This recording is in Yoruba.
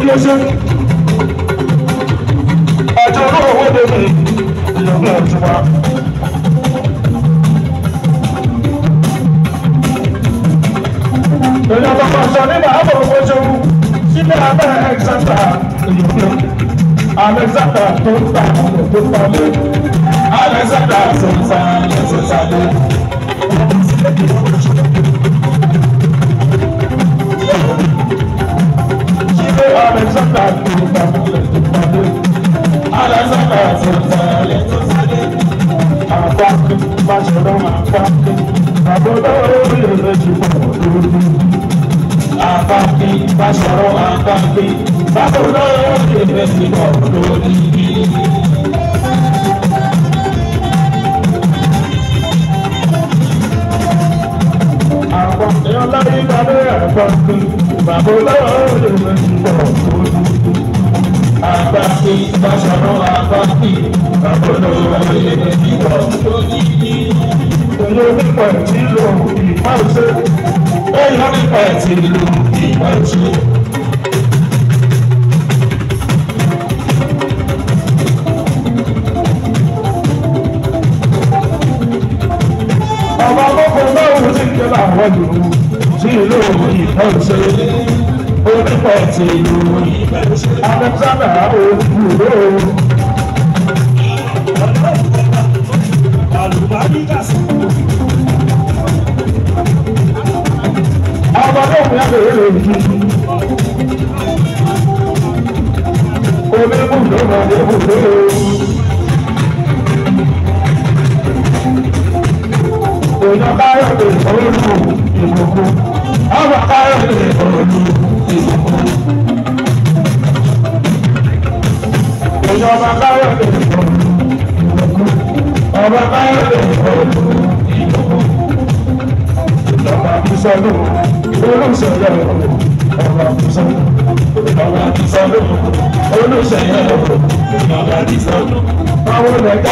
kí ló ṣe ọjọ́ olówó owó lè mi lòun ò tún wa. èèyàn kankan sọ nígbà àbọ̀ owó ṣòwò sílẹ̀ abẹ́ ẹ̀xántà Alexander tó ń ta ọmọ tó ń ta lé Alexander sọ̀nsá lẹ́sẹ̀ sáré. Àpapí báṣọ̀rọ̀ àpapí bábọ̀lọ́ ìrẹsì ti bọ̀ lórí ibi. Àwọn ọ̀dọ́ láyé balẹ̀ àpapí bábọ̀lọ́ sí ìbáṣọ̀rọ̀ àbáṣì àbọ̀dọ̀ ayẹyẹ ìwà tó ní ní olórí pẹ̀lú nílò ìmọ̀ ọ̀ṣẹ́ olórí pẹ̀lú nílò ìmọ̀ ọ̀ṣẹ́. ọba kọ́kọ́ náà wọ́n ti ń jẹ́ àwọn ìlú sí ìlú ìmọ̀ ọ̀ṣẹ́ pẹ̀tì ìlú Alexander Òkúrò. ọba náà mú ẹgbẹ́ rẹ̀ lòdì. oníbùdó náà níbùdó. Ìjọba ayọ̀ lè sọ lórí ìgbòho. Àwọn akáyọ̀ lè sọ lórí ni ọba báyọ̀ lè fọ́ ọba báyọ̀ lè fọ́ ọba àbúsọ́lù olùsọ̀yọ̀